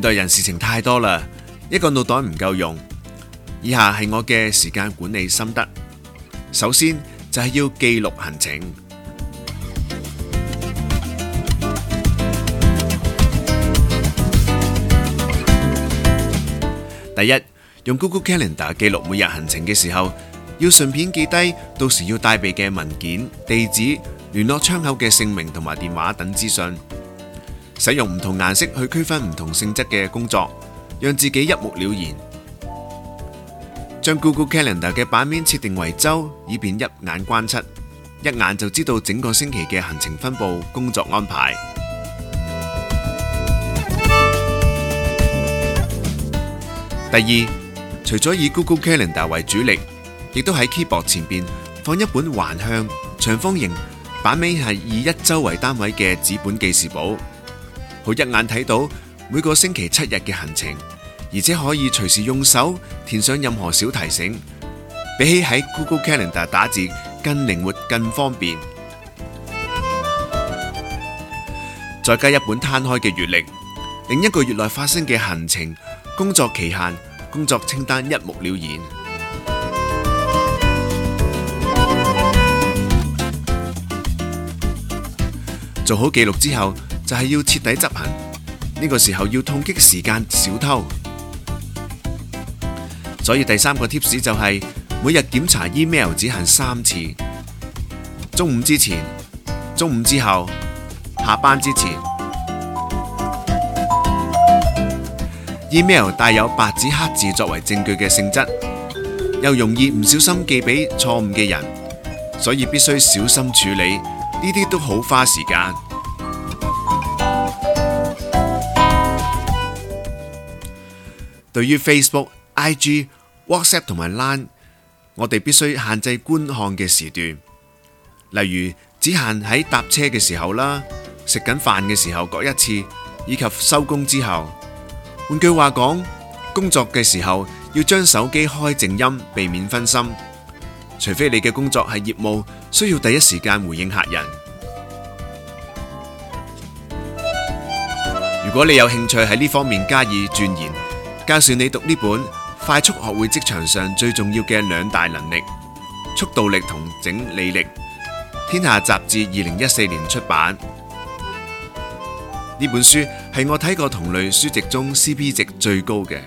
現代人事情太多啦，一個腦袋唔夠用。以下係我嘅時間管理心得。首先就係、是、要記錄行程。第一，用 Google Calendar 記錄每日行程嘅時候，要順便記低到時要帶備嘅文件、地址、聯絡窗口嘅姓名同埋電話等資訊。使用唔同顏色去區分唔同性質嘅工作，讓自己一目了然。將 Google Calendar 嘅版面設定為周，以便一眼關七，一眼就知道整個星期嘅行程分佈、工作安排。第二，除咗以 Google Calendar 為主力，亦都喺 keyboard 前邊放一本橫向長方形版面係以一周為單位嘅紙本記事簿。好一眼睇到每個星期七日嘅行程，而且可以隨時用手填上任何小提醒，比起喺 Google Calendar 打字更靈活、更方便。再加一本攤開嘅月曆，令一個月內發生嘅行程、工作期限、工作清單一目了然。做好記錄之後，就係、是、要徹底執行。呢、這個時候要痛擊時間小偷，所以第三個 tips 就係、是、每日檢查 email 只限三次：中午之前、中午之後、下班之前。email 帶有白紙黑字作為證據嘅性質，又容易唔小心寄俾錯誤嘅人，所以必須小心處理。呢啲都好花時間。對於 Facebook、IG、WhatsApp 同埋 Line，我哋必須限制觀看嘅時段，例如只限喺搭車嘅時候啦、食緊飯嘅時候各一次，以及收工之後。換句話講，工作嘅時候要將手機開靜音，避免分心。除非你嘅工作係業務，需要第一時間回應客人。如果你有興趣喺呢方面加以鑽研，介紹你讀呢本《快速學會職場上最重要嘅兩大能力：速度力同整理力》，天下雜誌二零一四年出版。呢本書係我睇過同類書籍中 CP 值最高嘅。